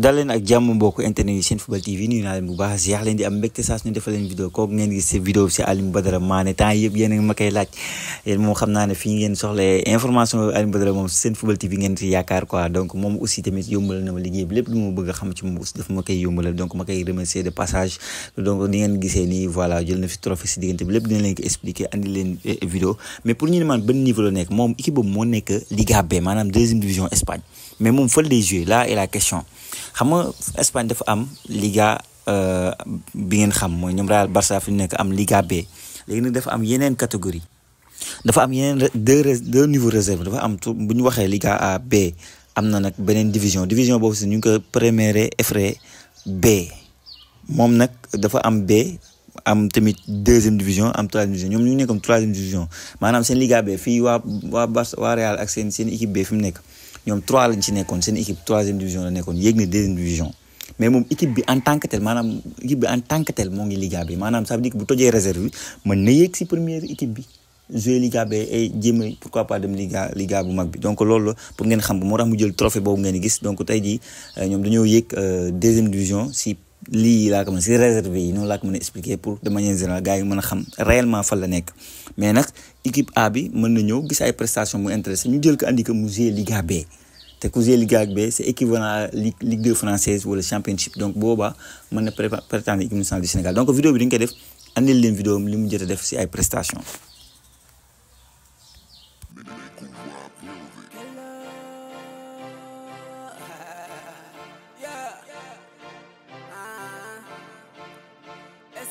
dalen ak jamm mbokk internet yi seen football TV nuyu naa leen bu baax si yaax leen di am mbégte saa su defal leen vidéo kooku ngeen gis si vidéo bi si Aliou Badara Mané temps yëpp yéen a ngi ma koy laaj yéen moom xam naa ne fii ngeen soxla information Aliou Badara moom seen football TV ngeen si yaakaar quoi donc moom aussi tamit yombal na ma liggéey bi lépp lu ma bëgg a xam ci moom aussi dafa ma koy yombalal donc ma koy remercier de passage donc ni ngeen gisee nii voilà jël na fi trophée si diggante bi lépp dina leen ko expliquer andi leen eh, eh, vidéo mais pour ñu ne man ban niveau la nekk moom équipe boobu moo nekk Liga B maanaam deuxième division Espagne mais moom fële lay jouer là est la question xam nga Espagne dafa am liga euh, bi ngeen xam mooy ñoom Real Barça fi nekk am liga B léegi nag dafa am yeneen catégorie dafa am yeneen deux deux niveaux réserve dafa am tout bu ñu waxee liga A B am na nag beneen division division boobu si ñu ngi ko première effraie B moom nag dafa am B am tamit deuxième division am troisième division ñoom ñu ngi nekk comme troisième division maanaam seen liga B fi waa waa Barça waa Real ak seen seen équipe B fi nekk. ñom 3 lañ ci nekkoon sen équipe 3 troisième division la nekkoon yéeg 2 deuxième division mais mom équipe bi en tant que tel manam équipe bi en tant que tel mo ngi liga bi manam ça veut dire que bu tojee réserve man mën yegg ci si première équipe bi jouer liga bi ay jéem pourquoi pas dem liga liga bu mag bi donc loolu pour ngeen xam ko moo tax mu jël trophée bobu ngeen gis donc tey jii euh, ñoom dañoo 2 euh, deuxième division si lii laa ko mën si réservé yi noonu laa ko mën a expliquer pour de manière générale yi mën a xam réellement fan la nekk mais nag équipe A bi mën na ñëw gis ay prestation mu intéressé ñu jël ko andi ko mu jouer Liga B te ku jouer Liga B c'est équivalent à Ligue Ligue française wala championship donc boobaa mën na prétendre équipe nationale du Sénégal donc vidéo bi dañ koy def andil leen vidéo am li mu jot a def si ay prestation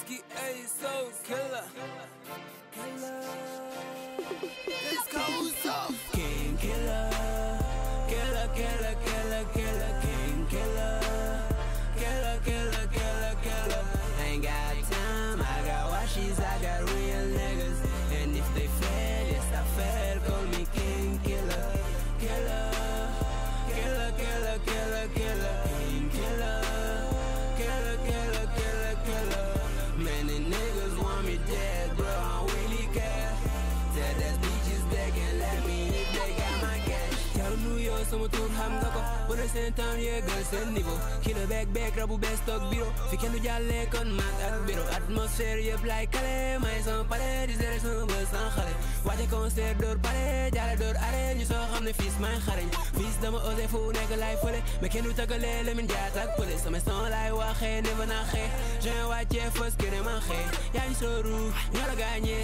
Nicky A so killer. Killer. someone to ham gako When I send town, yeah, girl, send nivo Kilo back, back, rabu best dog biro Fiken du jalle kon mat ak biro Atmosphère, yep, like kale May son pale, disere son bel san xale concert door pale, jale door are Ñu so xam ne fils may xareñ Fils dama osé fu nekk lay fële Mais kenn du tagale, lemin jaat ak pële Sama son lay waxe, never na xe Je wàcce fës kene ma xe Yaa ñu so ru, ñoo la gaañee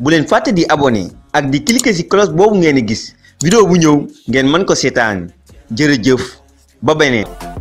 bu leen fàtte di abonné ak di cliquer ci cloche boobu ngeen di gis vidéo bu ñëw ngeen mën ko seetaan jërëjëf ba beneen